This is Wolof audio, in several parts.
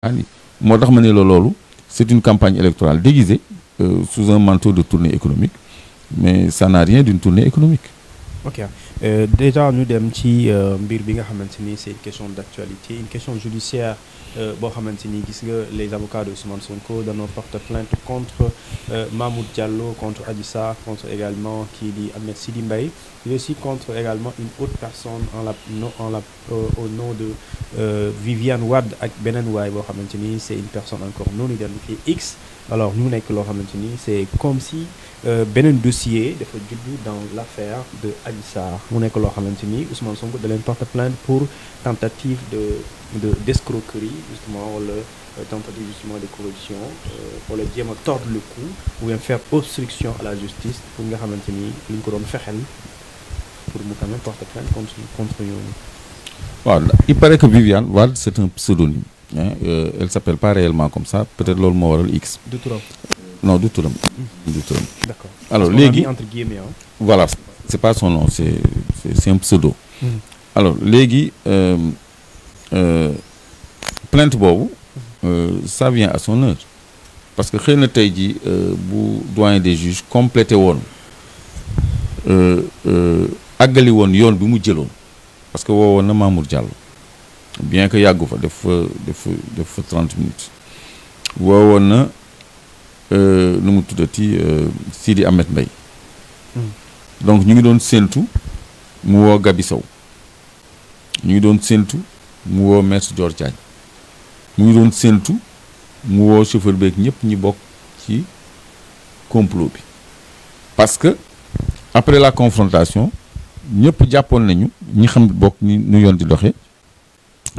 Ali moo tax ma ne loolu c'est une campagne électorale déguisée euh, sous un manteau de tournée économique mais ça n'a rien d'une tournée économique ok euh, déjà ñu dem ci euh, mbir bi nga xamante ni c'est une question d'actualité une question judiciaire Euh, boo xamante ni gis nga les avocats de Ousmane Sonko dañoo porte plainte contre euh, Mahmoud Diallo contre Adji Sarr contre également kii di Ahmed Sidi Mbaye mais aussi contre également une autre personne la en la euh, au nom de Viviane Wade ak beneen waay boo xamante ni c'est une personne encore non identifiée X alors ñu nekk loo xamante ni c'est comme si beneen dossier dafa juddu dans l'affaire de Adji Sarr mu nekk loo xamante ni Ousmane Sonko da leen porte plainte pour tentative de de d'escroquerie justement wala euh, tentative justement de corruption wala euh, jéem a tordre le cou ou bien faire obstruction à la justice pour nga xamante ni li ko doon fexel pour mu quand même porter plainte contre contre ñooñu. waaw il paraît que Viviane Wade c' est un pseudonyme euh, elle s' pas réellement comme ça peut-être loolu moo waral X. du turam non du turam. du turam. d' alors léegi entre guillemets voilà c' est pas son nom c' est un pseudo. Mm. alors léegi. Euh, plainte boobu euh, ça vient à son heure parce que xëy na tey jii euh, bu doyen des juges complété woon àggali woon yoon bi mu jëloon parce que woowoon na Mamour Diallo bien que yàggu fa def fa def fa def fa trente minutes woowoon na nu mu tuddati Sidi Ahmed Mbaye hmm. donc ñu ngi doon séentu mu woo Gabi Sow ñu ngi doon séentu mu woo maître Dior mu ngi doon séentu mu woo chauffeur beeg ñëpp ñi bokk ci complot bi parce que après la confrontation ñëpp jàppoon nañu ñi xam bokk ni nu yoon di doxee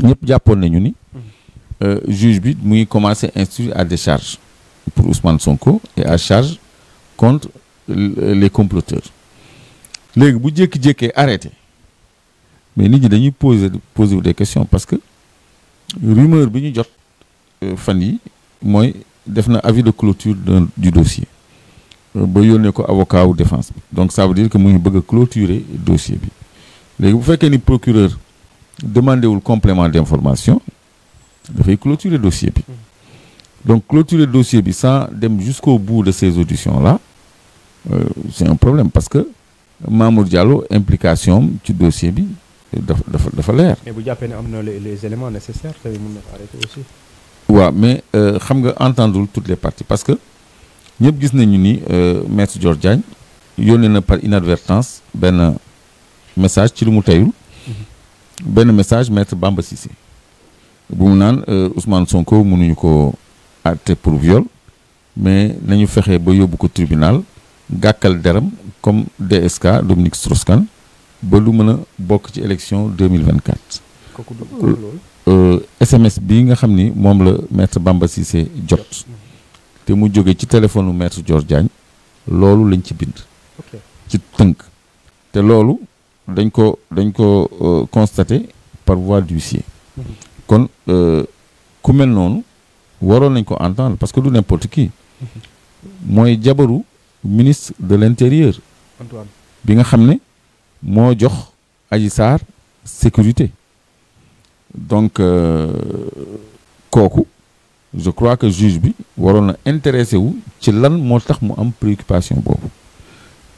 ñëpp jàppoon nañu ni mm-hmm. euh, juge bi mu ngi commencé instruire à décharge pour Ousmane Sonko et à charge contre les comploteurs léegi bu jékki-jékkee arrêté mais nit ñi dañuy poser poser wu des questions parce que rumeur bi ñu jot euh, fan yi mooy def na avis de clôture du dossier euh, ba yónnee ko avocat wu défense bi donc ça veut dire que mu ngi bëgg a clôturer dossier bi léegi bu fekkee ni procureur demandé wul complément d'information dafay clôturer dossier bi donc clôturer dossier bi san dem jusqu'au bout de ces auditions la euh, c'est un problème parce que Mamour Diallo implication ci dossier bi dafa dafa dafa leer. mais bu jàppee ne am na les éléments nécessaires tey waaw mais euh, xam nga entendrul toutes les parties parce que ñëpp gis nañu ni euh, maître Dior Diagne yónnee na par inadvertance benn message ci lu mu teyul mhm. benn message maître Bamba Cissé bu mu naan euh, Ousmane Sonko mënuñu ko arte pour viol mais nañu fexe ba yóbbu ko tribunal gàkkal deram comme DSK Dominique Strauss-Kahn ba lu mën a bokk ci élection 2024. kooku loolu. Euh, SMS bi nga xam ni moom la maître Bamba Cissé jot. te mu jóge ci téléphone maître Dior Diagne loolu lañ ci bind. ci tënk. te loolu dañ ko dañ ko euh, constaté par voie d'huissier. Mhm. kon euh, ku mel noonu waroon nañ ko entendre parce que du n'importe kii mhm. mooy jabaru ministre de l'intérieur. bi nga xam ne. moo jox Adji Sarr sécurité donc euh, kooku je crois que juge bi waroon na intéressé wu ci lan moo tax mu am préoccupation boobu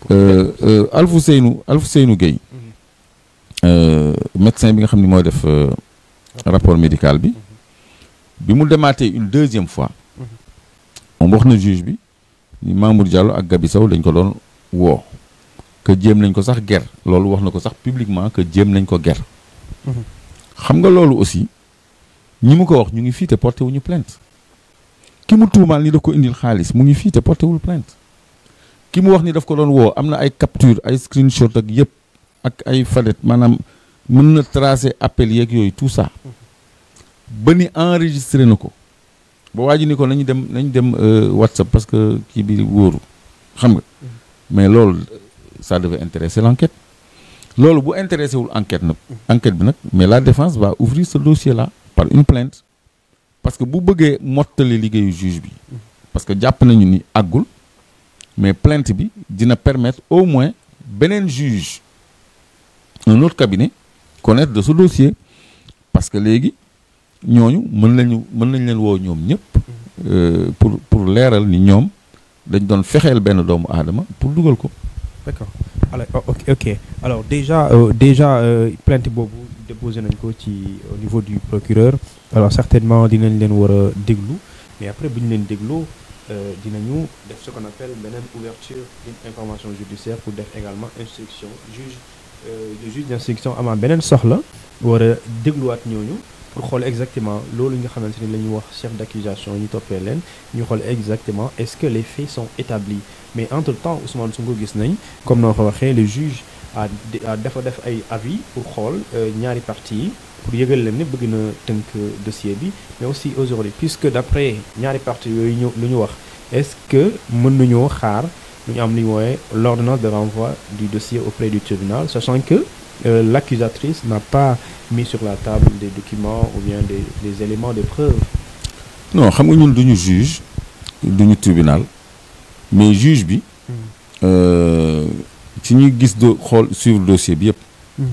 euh, euh, Alfousseynou Alfousseynou Gueye mhm. médecin bi nga xam ni mooy def rapport médical bi bi mu demaatee une deuxième fois mhm. moom wax na juge bi ni Mamour Diallo ak Gabi Sow dañ ko doon woo que jéem nañ ko sax ger loolu wax na ko sax publiquement que jéem nañ ko ger xam nga loolu aussi ñi mu ko wax ñu ngi fii te porté wuñu ki mu tuumaal ni daf ko indil xaalis mu ngi fii te porté wul plainte ki mu wax ni daf ko doon woo am na ay capture ay screenshot ak yëpp ak ay fadette maanaam mën na tracer appel yeeg yooyu tout ça ba ni enregistré na ko ba waa ji ni ko nañu dem nañu dem euh, WhatsApp parce que kii bi wóoru xam nga mais loolu ça devait intéresser l'enquête loolu bu intéressé wul enquête nag enquête bi nag mais la défense va ouvrir ce dossier la par une plainte parce que bu bëggee mottali liggéeyu juge bi parce que jàpp nañu ni àggul mais plainte bi dina permettre au moins beneen juge un autre cabinet connaître de ce dossier parce que léegi ñooñu mën nañu mën nañ leen woow ñoom ñëpp euh, pour pour leeral ni ñoom dañ doon fexeel benn doomu aadama pour dugal ko d'accord alors oh, ok ok alors déjà euh, déjà euh, plainte boobu déposé nañ ko ci au niveau du procureur alors certainement dinañ leen war a déglu mais après bu ñu leen déglu dina euh, dinañu def ce qu'on appelle beneen ouverture d'une information judiciaire pour def également instruction juge euh, le juge d'instruction amaat beneen soxla war a dégluwaat ñooñu pour xool exactement loolu nga xamante ni la wax chef d'accusation ñu toppee leen ñu xool exactement est-ce que les faits sont établis mais entre temps Ousmane Sonko gis nañ comme noo ko waxee le juge a dafa def ay avis pour xool euh, ñaari parti pour yëgal leen ne bëgg na tënk dossier bi mais aussi aujourd'hui puisque d'après ñaari parti yooyu ñu lu ñu wax est-ce que mën nañoo xaar lu ñu am li ñu wooyee l'ordonnance de renvoi du dossier auprès du tribunal sachant que euh, l'accusatrice n'a pas mis sur la table des documents ou bien des, des éléments de preuve non xam nga ñun duñu juge duñu tribunal mais juge bi hmm. euh, ci ñuy gis do xool suivre dossier bi yëpp hmm.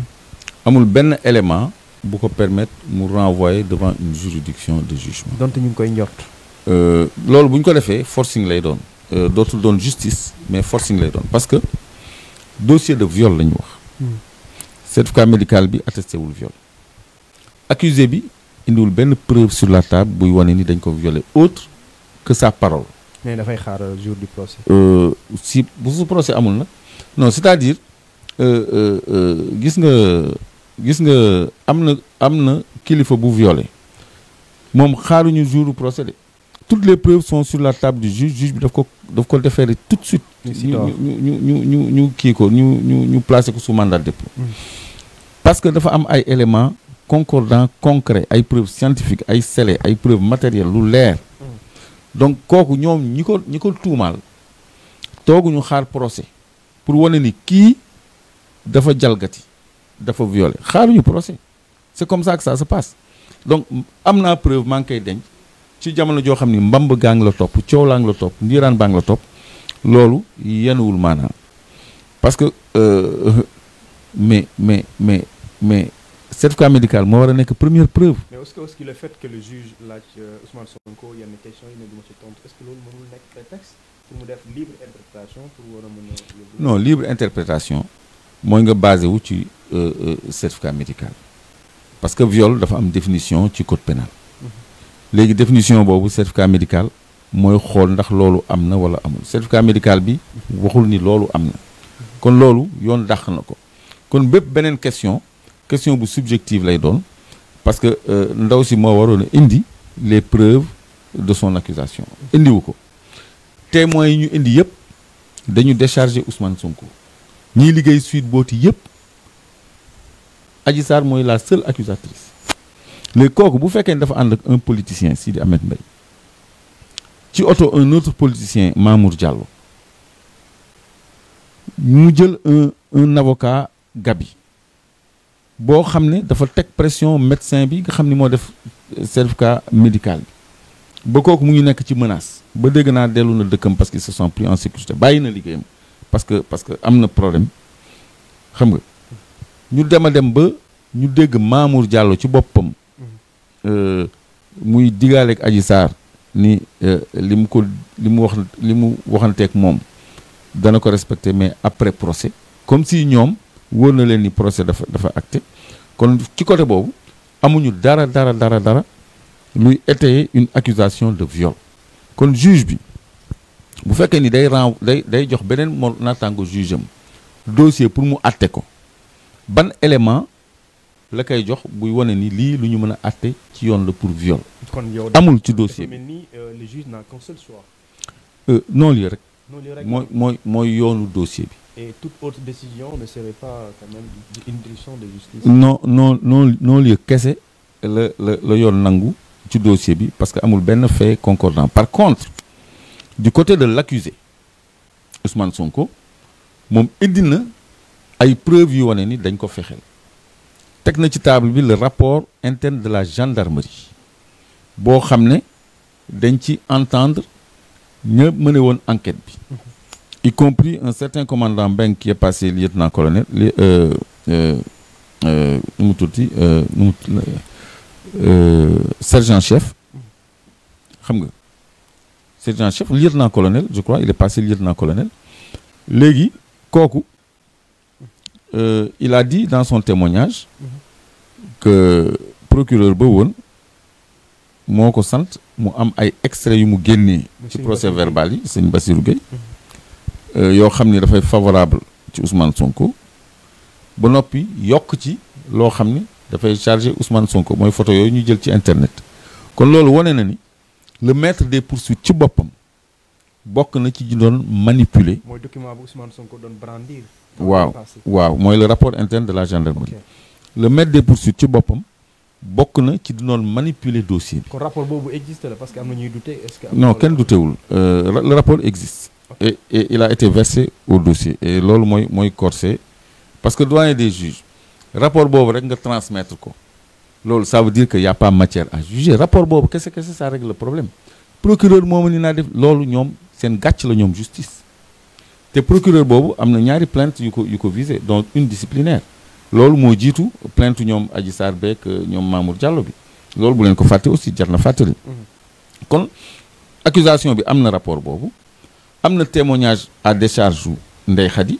amul benn élément bu ko permettre mu renvoyer devant une juridiction de jugement donte ñu ngi koy njort euh, loolu bu ñu ko defee forcing lay doon euh, dootul doon justice mais forcing lay doon parce que dossier de viol la ñu wax hmm. certificat médical bi attesté wul viol accusé bi indiwul benn preuve sur la table buy wane ni dañ ko violé autre que sa parole. mais dafay xaar jour du procès. Euh, si bu su procès amul nag non c'est-à-dire euh, euh, gis nga gis nga am na am na kilifa bu violé moom xaaruñu jour du procès de toutes les preuves sont sur la table du juge juge bi daf ko daf ko tout de suite. ñu ñu ñu ñu ñu kii ko ñu ñu ñu placé ko su mandat de mm. parce que dafa am ay éléments. concordant concret ay preuves scientifiques ay scellés ay preuves matérielles lu leer donc kooku ñoom ñi ko ñi ko tuumaal tooguñu xaar procès pour wane ni kii dafa jalgati dafa violé xaaruñu procès c'est comme ça que ça se passe donc am naa preuve maa ngi denc ci jamono joo xam ni mbamb gaa ngi la topp coow laa ngi la topp ndiiraan baa ngi la topp loolu yenuwul maanaam parce euh, mais mais mais certificat médical moo war a nekk première preuve. mais est-ce que aussi le laaj euh, Ousmane Sonko yenn question yi ne du ma ci mu def libre interprétation pour war a mën a. non libre interprétation mooy nga basé wu ci euh, euh, certificat médical parce que viol dafa am définition ci code pénal mhm. léegi définition boobu certificat médical mooy xool ndax loolu am na wala amul certificat médical bi waxul ni loolu am na mhm. kon loolu yoon dàq na ko kon bépp beneen question. question bu subjective lay doon parce que euh, ndaw si moo waroon a indi les preuves de son accusation indiwu ko témoins yi ñu indi yëpp dañu décharger Ousmane Sonko ñiy liggéey Sweet Beauté yëpp aji Sarr mooy la seule accusatrice léegi kooku bu fekkee ne dafa ànd ak un politicien Sidi Ahmed Mbaye ci oto un autre politicien Mamour Diallo mu jël un un avocat Gabi boo xam ne dafa teg pression médecin bi nga xam ni moo def euh, certificat médical bi ba kooku mu ngi nekk ci menace ba dégg naa dellu na dëkkam parce que se sont plus en sécurité bàyyi na liggéeyam parce que parce que am na problème xam nga ñu dem a dem ba ñu dégg Mamour Diallo ci boppam mm-hmm. euh, muy digaale aji Adji Sarr ni euh, li mu ko li mu wax li mu waxanteeg moom dana ko respecter mais après procès comme si ñoom wóor na leen ni procès dafa dafa acté kon ci côté boobu amuñu dara dara dara dara luy étayer une accusation de viol kon juge bi bu fekkee ni day ren day day jox beneen moo naataango juge am pour mu atte ko ban élément la koy jox buy wane ni lii lu ñu mën a atte ci yoon la pour viol amul ci dossier bi euh, le juge n'a qu'un seul choix euh, non lii rek mooy mooy mooy yoonu dossier bi Et toute autre décision ne serait pas quand même une décision de justice. non non non kese la la la yoon nangu ci dossier bi parce que amul benn fait concordant par contre du côté de l'accusé Ousmane Sonko moom indi na ay preuves yu wane ni dañ ko fexeel teg na ci table bi le rapport interne de la gendarmerie boo xam ne dañ ci entendre ña mëne woon enquête bi. Mm-hmm. y compris un certain commandant Mbeng qui est passé lieutenant-colonel li euh, euh, euh, nu mu tuuti nu mu sergent chef xam nga sergent chef lieutenant-colonel je crois il est passé lieutenant-colonel léegi kooku il a dit dans son témoignage que procureur ba woon moo ko sant mu am ay extraits yu mu génnee ci procès verbal yi sëñ Bassirou Gueye mhm. Euh, yoo xam ni dafay favorable ci usman Sonko ba noppi yokk ci loo xam ni dafay chargé Ousmane Sonko mooy photo yooyu ñu jël ci internet kon loolu wane na ni le maître des poursuites ci boppam bokk na ci ñu doon manipuler. mooy document bu Ousmane Sonko doon brandir. waaw waaw mooy le rapport interne de la gendarmerie. le maître des poursuites ci boppam bokk na ci di doon manipuler dossier bi. kon rapport boobu existe parce que am na ñuy douter est-ce que. non kenn doutewul euh, le rapport existe. et, et il a été versé au dossier et loolu mooy mooy corsé parce que doyen des juges rapport boobu rek nga transmettre ko loolu ça veut dire que y a pas matière à juger rapport boobu kese kese ça règle la problème procureur moomu ni naa def loolu ñoom seen gàcc la ñoom justice te procureur boobu am na ñaari plainte yu ko yu ko donc une disciplinaire loolu moo jiitu plent ñoom Adji Sarr beek euh, ñoom Mamour Diallo bi loolu bu leen ko fàtte aussi jar na fàttali mmh. kon accusation bi am na rapport boobu am na témoignage à décharge u Ndeye Khady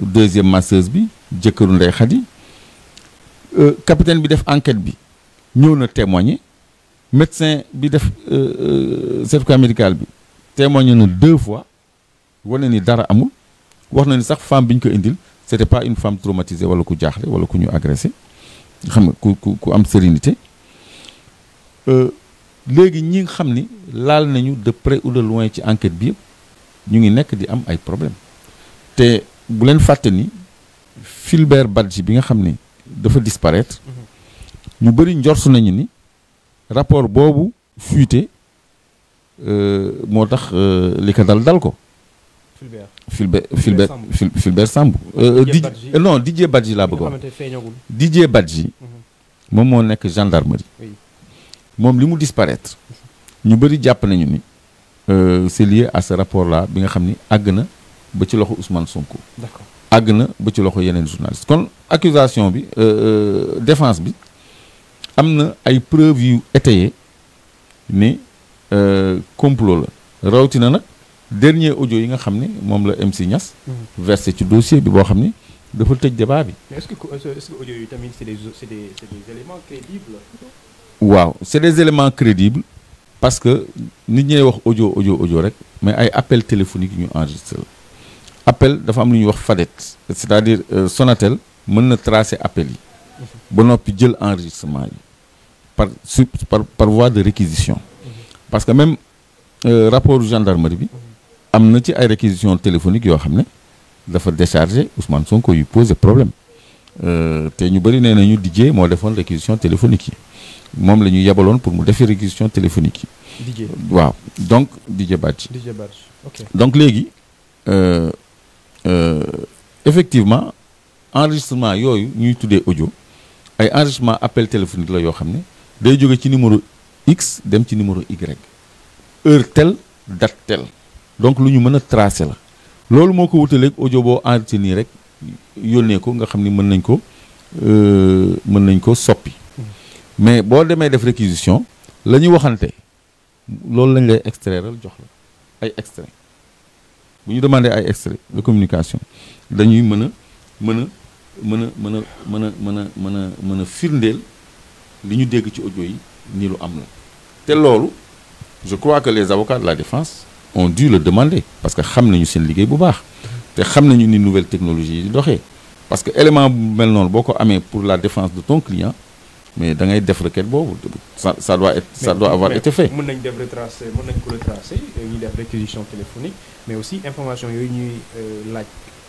deuxième masseuse bi jëkkëru ndey Khady euh, capitaine bi def enquête bi ñëw na témoigner médecin bi def euh, euh, certificat médical bi témoigner na deux fois wane ni dara amul wax na ni sax femme bi ñu ko indil c'était pas une femme traumatisée wala ku jaaxle wala ku ñu agressé xam nga ku ku ku am sérénité léegi ñi nga xam ni laal nañu de près ou de loin ci enquête bi yëpp ñu ngi nekk di am ay problème te bu leen fàtte ni Fulbert Badji bi nga xam ni dafa disparaître mhm. ñu bëri njortu nañu ni rapport boobu fuité euh, moo tax euh, li ko dal dal ko. Fulbert Fulbert Fulbert Fulbert Sambou. Euh, Didier non Didier Badji laa bëggoon. Didier Badji. Mhm. moom moo nekk gendarmerie. moom li mu disparaître. ñu bëri jàpp nañu ni. Euh, c'est lié à ce rapport là bi nga xam ni àgg na ba ci loxo Ousmane Sonko. d'accord àgg na ba ci loxo yeneen journaliste kon accusation bi euh, euh, défense bi am na ay preuves yu étayées ni complot la rawatina nag dernier audio yi nga xam ni moom la MC Niass. Mm-hmm. versé ci dossier bi boo xam ni. dafa tëj débat bi. mais yi tamit waaw c'est des éléments crédibles. parce que nit ñay wax audio ojo ojo rek mais ay appel téléphonique yu ñu enregistré appel dafa am lu ñuy wax fadet c'est-à-dire euh, Sonatel mën na tracer appel yi ba noppi jël enregistrement yi par su par par voie de réquisition parce que même euh, rapport gendarmerie bi am na ci ay réquisition téléphonique yoo xam ne dafa déchargé Ousmane Sonko yu posé problème euh, te ñu bëri nee nañu Didier moo defoon réquisition téléphonique yi moom la ñu yebaloon pour mu defee réquisition téléphonique yi. waaw donc Didier Badji. Didier Badji ok donc léegi euh, euh, effectivement enregistrement yooyu ñuy tuddee audio ay enregistrement appel téléphonique la yoo xam ne day jóge ci numéro X dem ci numéro Y heure telle date telle donc lu ñu mën a tracer la. loolu moo ko wutaleeg ojo boo enregistré nii rek yónnee ko nga xam ni mën nañ ko euh, mën nañ ko soppi. mais boo demee def réquisition la ñu waxante loolu lañ lay extraire jox la ay extrait bu ñu demandé ay extrait de communication dañuy mën a mën a mën a mën a mën a mën a mën a mën a firndeel li ñu dégg ci audio yi nii lu am la te loolu je crois que les avocats de la défense ont dû le demander parce que xam nañu seen liggéey bu baax te xam nañu ni nouvelle technologie yi doxee parce que élément bu mel noonu boo ko amee pour la défence de ton client mais da ngay def requête boobu ça ça doit être ça doit mën nañ def retracé mën nañ ko retracé ñuy def réquisition téléphonique mais aussi information yooyu ñuy euh, laaj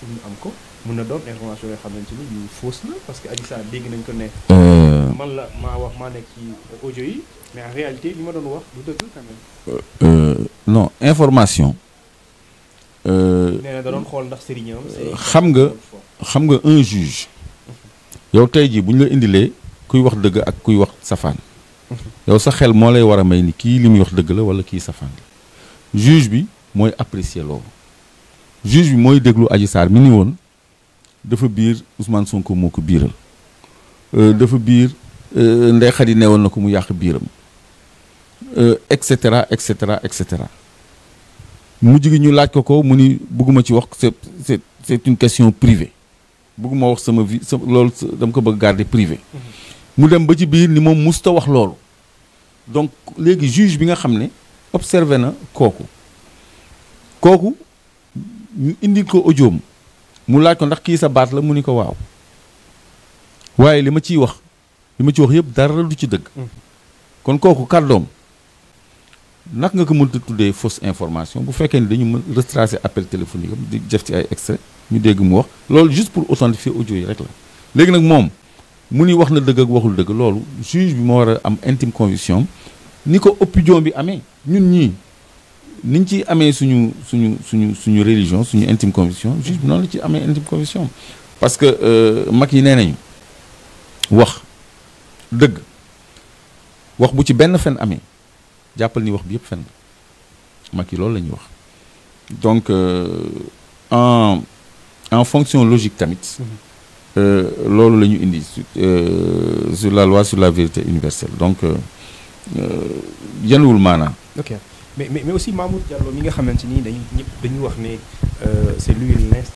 ñu am ko mun na doon information yoo xamante ni yu fausse parce que Adji Sarr dégg nañ ko ne. Euh. man la maa wax maa nekk ci mais réalité li ma doon wax du dëgg quand même. Euh, information. nee na da xool ndax sëriñam xam nga xam nga un juge. yow tey jii buñu la indilee. kuy wax dëgg ak kuy wax safaan mhm. yow sax xel moo lay war a may ni kii li muy wax dëgg la wala kii safaan la juge bi mooy apprécier loolu juge bi mooy déglu Adji Sarr mi ni woon dafa biir Ousmane Sonko moo ko biiral euh, dafa biir euh, Ndeye Khady ne woon na ko mu yàq biiram euh, et cetera et cetera et cetera mujj gi ñu laaj ko ko mu ni bëgguma ci wax c'est c'est c'est une question privée bëgguma wax sama vie lool loolu dama ko bëgg garder privé mhm. mu dem ba ci biir ni moom musta wax loolu donc léegi juge bi nga xam ne observé na kooku kooku ñu indi ko audioom mu laaj ko ndax kii sa baat la mu ni ko waaw waaye li ma ciy wax li ma ci wax yëpp dara du ci dëgg mm-hmm. kon kooku kàddoom nak nga ko mënta tuddee fausse information bu fekkee ni dañu mën retracer appel téléphonique di def ci ay extrait ñu dégg mu wax loolu juste pour authentifier audio yi rek la léegi nag moom mu ni wax na dëgg ak waxul dëgg loolu juge bi moo war a am intime conviction ni ko opinion bi amee ñun ñii niñ ci amee suñu suñu suñu suñu religion suñu intime conviction juge bi noonu la ci amee intime conviction parce que euh, mag yi nee nañu wax dëgg wax bu ci benn fen amee jàppal ni wax bi yëpp fen mag yi loolu la ñuy wax donc euh, en en fonction logique tamit mhm. Euh, loolu la ñu indi euh, sur la loi sur la vérité universelle donc euh, yanuwul maanaa. ok mais mais aussi Mamour Diallo mi nga xamante ni dañu ñëpp dañuy wax ne c'est lui